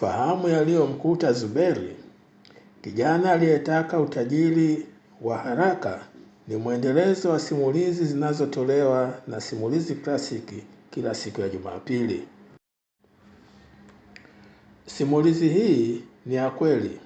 Fahamu yaliyomkuta Zuberi, kijana aliyetaka utajiri wa haraka, ni mwendelezo wa simulizi zinazotolewa na Simulizi Klasiki kila siku ya Jumapili. Simulizi hii ni ya kweli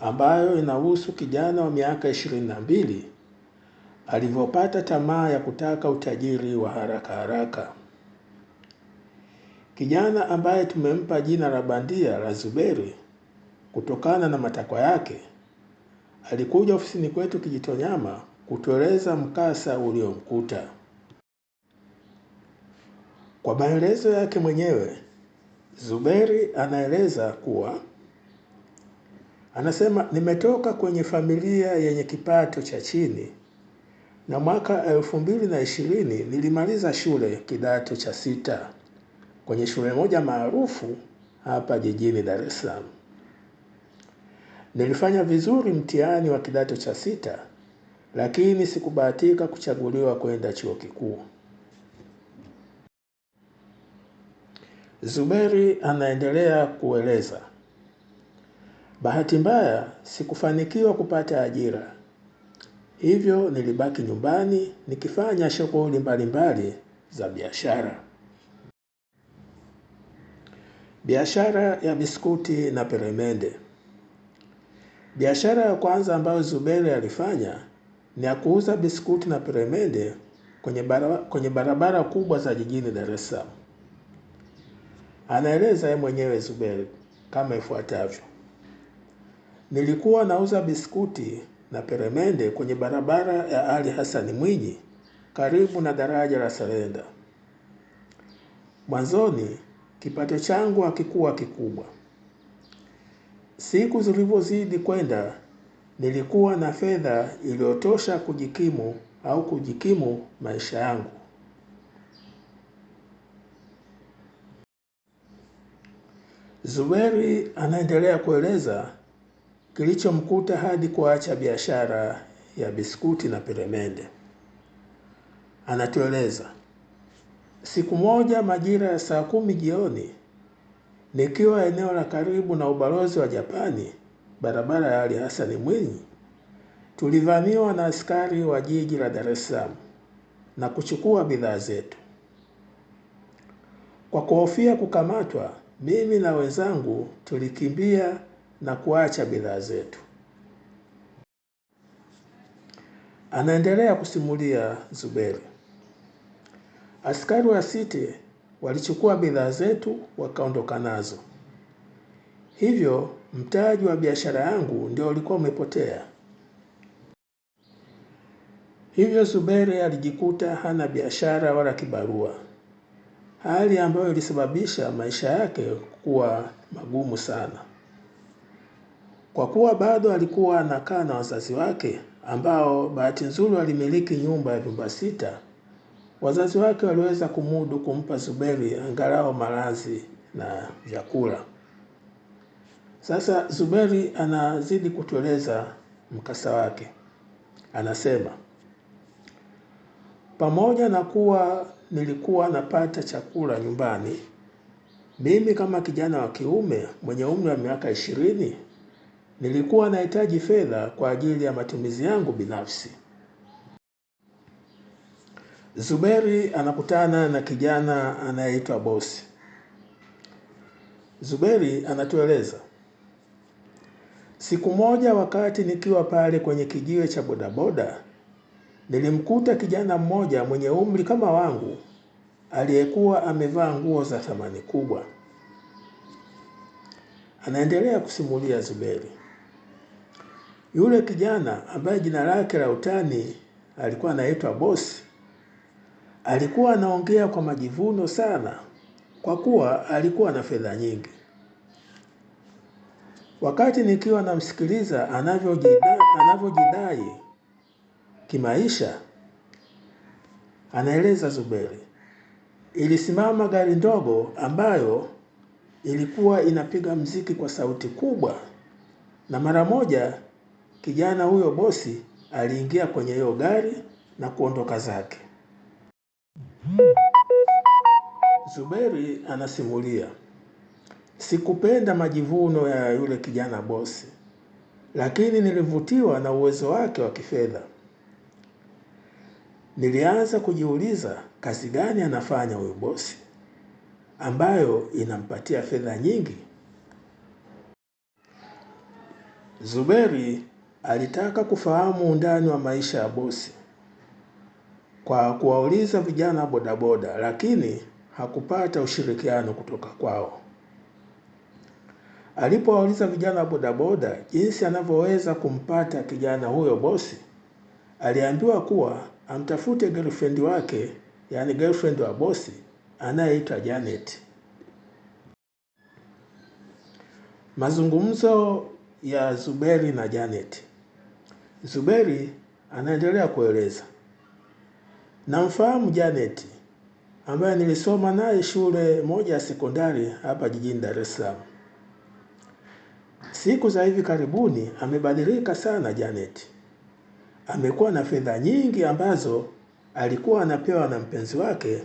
ambayo inahusu kijana wa miaka ishirini na mbili alivyopata tamaa ya kutaka utajiri wa haraka haraka. Kijana ambaye tumempa jina la bandia la Zuberi kutokana na matakwa yake, alikuja ofisini kwetu Kijitonyama kutueleza mkasa uliomkuta. Kwa maelezo yake mwenyewe, Zuberi anaeleza kuwa anasema, nimetoka kwenye familia yenye kipato cha chini na mwaka elfu mbili na ishirini nilimaliza shule kidato cha sita kwenye shule moja maarufu hapa jijini Dar es Salaam. Nilifanya vizuri mtihani wa kidato cha sita, lakini sikubahatika kuchaguliwa kwenda chuo kikuu. Zuberi anaendelea kueleza, bahati mbaya sikufanikiwa kupata ajira, hivyo nilibaki nyumbani nikifanya shughuli mbalimbali za biashara. Biashara ya biskuti na peremende. Biashara ya kwanza ambayo Zuberi alifanya ni ya kuuza biskuti na peremende kwenye, bara, kwenye barabara kubwa za jijini Dar es Salaam. Anaeleza yeye mwenyewe Zuberi kama ifuatavyo: nilikuwa nauza biskuti na peremende kwenye barabara ya Ali Hassan Mwinyi karibu na daraja la Selenda. Mwanzoni Kipato changu hakikuwa kikubwa. Siku zilivyozidi kwenda, nilikuwa na fedha iliyotosha kujikimu au kujikimu maisha yangu. Zuberi anaendelea kueleza kilichomkuta hadi kuacha biashara ya biskuti na peremende. Anatueleza Siku moja majira ya saa kumi jioni, nikiwa eneo la karibu na ubalozi wa Japani, barabara ya Ali Hassan Mwinyi, tulivamiwa na askari wa jiji la Dar es Salaam na kuchukua bidhaa zetu. Kwa kuhofia kukamatwa, mimi na wenzangu tulikimbia na kuacha bidhaa zetu. Anaendelea kusimulia Zuberi. Askari wa City walichukua bidhaa zetu wakaondoka nazo, hivyo mtaji wa biashara yangu ndio ulikuwa umepotea. Hivyo zubere alijikuta hana biashara wala kibarua, hali ambayo ilisababisha maisha yake kuwa magumu sana. Kwa kuwa bado alikuwa anakaa na wazazi wake ambao bahati nzuri walimiliki nyumba ya vyumba sita Wazazi wake waliweza kumudu kumpa Zuberi angalau malazi na vyakula. Sasa Zuberi anazidi kutueleza mkasa wake. Anasema, pamoja na kuwa nilikuwa napata chakula nyumbani, mimi kama kijana wa kiume mwenye umri wa miaka ishirini, nilikuwa nahitaji fedha kwa ajili ya matumizi yangu binafsi. Zuberi anakutana na kijana anayeitwa Bosi. Zuberi anatueleza siku moja, wakati nikiwa pale kwenye kijiwe cha bodaboda, nilimkuta kijana mmoja mwenye umri kama wangu aliyekuwa amevaa nguo za thamani kubwa. Anaendelea kusimulia Zuberi. Yule kijana ambaye jina lake la utani alikuwa anaitwa Bosi Alikuwa anaongea kwa majivuno sana kwa kuwa alikuwa na fedha nyingi. Wakati nikiwa namsikiliza anavyojidai, anavyojidai kimaisha, anaeleza Zuberi, ilisimama gari ndogo ambayo ilikuwa inapiga mziki kwa sauti kubwa, na mara moja kijana huyo bosi aliingia kwenye hiyo gari na kuondoka zake. Zuberi anasimulia, sikupenda majivuno ya yule kijana bosi, lakini nilivutiwa na uwezo wake wa kifedha. Nilianza kujiuliza kazi gani anafanya huyu bosi ambayo inampatia fedha nyingi. Zuberi alitaka kufahamu undani wa maisha ya bosi kwa kuwauliza vijana bodaboda, lakini hakupata ushirikiano kutoka kwao. Alipowauliza vijana bodaboda jinsi anavyoweza kumpata kijana huyo bosi, aliambiwa kuwa amtafute girlfriend wake, yani girlfriend wa bosi anayeitwa Janet. Mazungumzo ya Zuberi na Janet. Zuberi anaendelea kueleza Namfahamu Janet ambaye nilisoma naye shule moja ya sekondari hapa jijini Dar es Salaam. Siku za hivi karibuni amebadilika sana Janet. Amekuwa na fedha nyingi ambazo alikuwa anapewa na mpenzi wake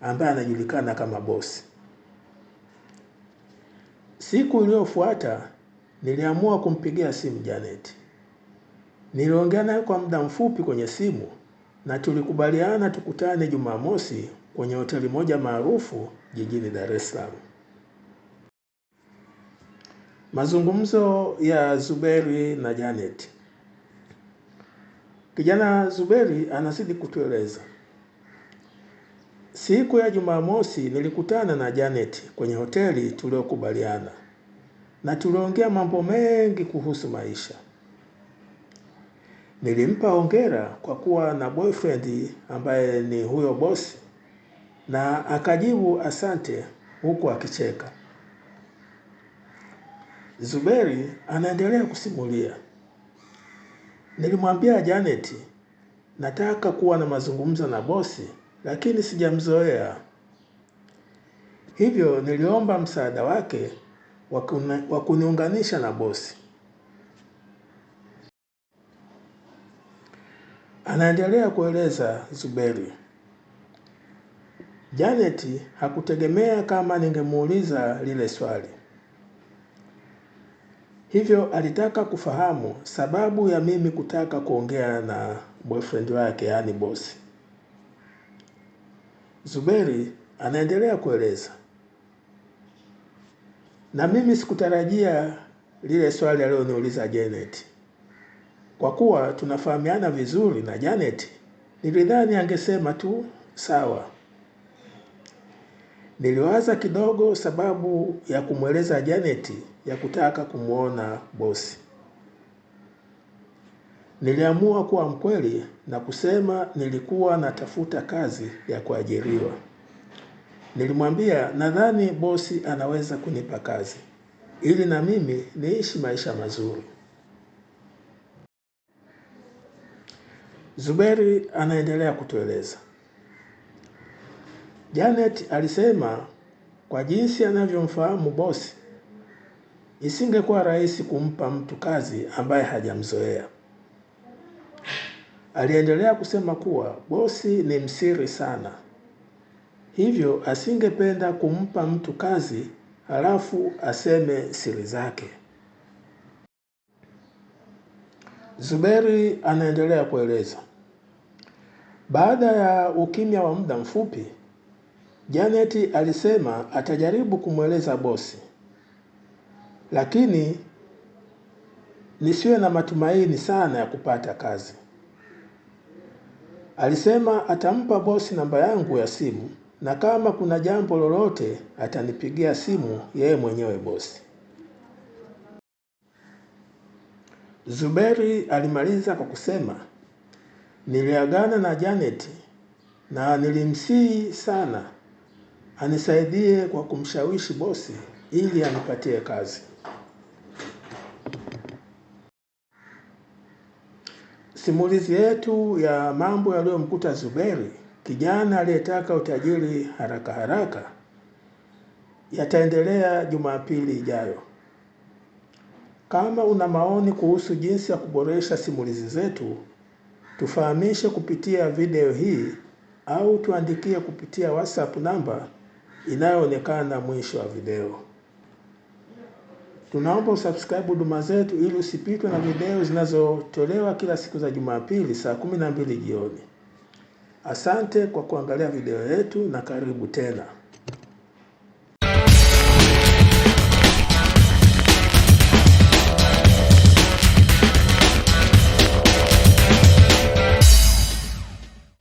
ambaye anajulikana kama bosi. Siku iliyofuata niliamua kumpigia simu Janet. Niliongea naye kwa muda mfupi kwenye simu na tulikubaliana tukutane Jumamosi kwenye hoteli moja maarufu jijini Dar es Salaam. Mazungumzo ya Zuberi na Janet. Kijana Zuberi anazidi kutueleza. Siku ya Jumamosi nilikutana na Janet kwenye hoteli tuliyokubaliana na tuliongea mambo mengi kuhusu maisha. Nilimpa hongera kwa kuwa na boyfriend ambaye ni huyo bosi na akajibu asante huku akicheka. Zuberi anaendelea kusimulia. Nilimwambia Janeti, nataka kuwa na mazungumzo na bosi lakini sijamzoea. Hivyo niliomba msaada wake wa kuniunganisha na bosi. Anaendelea kueleza Zuberi. Janet hakutegemea kama ningemuuliza lile swali. Hivyo alitaka kufahamu sababu ya mimi kutaka kuongea na boyfriend wake yaani bosi. Zuberi anaendelea kueleza. Na mimi sikutarajia lile swali aliloniuliza Janet. Kwa kuwa tunafahamiana vizuri na Janet, nilidhani angesema tu sawa. Niliwaza kidogo sababu ya kumweleza Janet ya kutaka kumwona bosi. Niliamua kuwa mkweli na kusema nilikuwa natafuta kazi ya kuajiriwa. Nilimwambia nadhani bosi anaweza kunipa kazi ili na mimi niishi maisha mazuri. Zuberi anaendelea kutueleza. Janet alisema kwa jinsi anavyomfahamu bosi, isingekuwa rahisi kumpa mtu kazi ambaye hajamzoea. Aliendelea kusema kuwa bosi ni msiri sana, hivyo asingependa kumpa mtu kazi halafu aseme siri zake. Zuberi anaendelea kueleza, baada ya ukimya wa muda mfupi, Janet alisema atajaribu kumweleza bosi, lakini nisiwe na matumaini sana ya kupata kazi. Alisema atampa bosi namba yangu ya simu na kama kuna jambo lolote atanipigia simu yeye mwenyewe bosi. Zuberi alimaliza kwa kusema, niliagana na Janet na nilimsihi sana anisaidie kwa kumshawishi bosi ili anipatie kazi. Simulizi yetu ya mambo yaliyomkuta Zuberi, kijana aliyetaka utajiri haraka haraka, yataendelea Jumapili ijayo. Kama una maoni kuhusu jinsi ya kuboresha simulizi zetu, tufahamishe kupitia video hii au tuandikie kupitia WhatsApp namba inayoonekana mwisho wa video. Tunaomba usubscribe huduma zetu ili usipitwe na video zinazotolewa kila siku za Jumapili saa 12 jioni. Asante kwa kuangalia video yetu na karibu tena.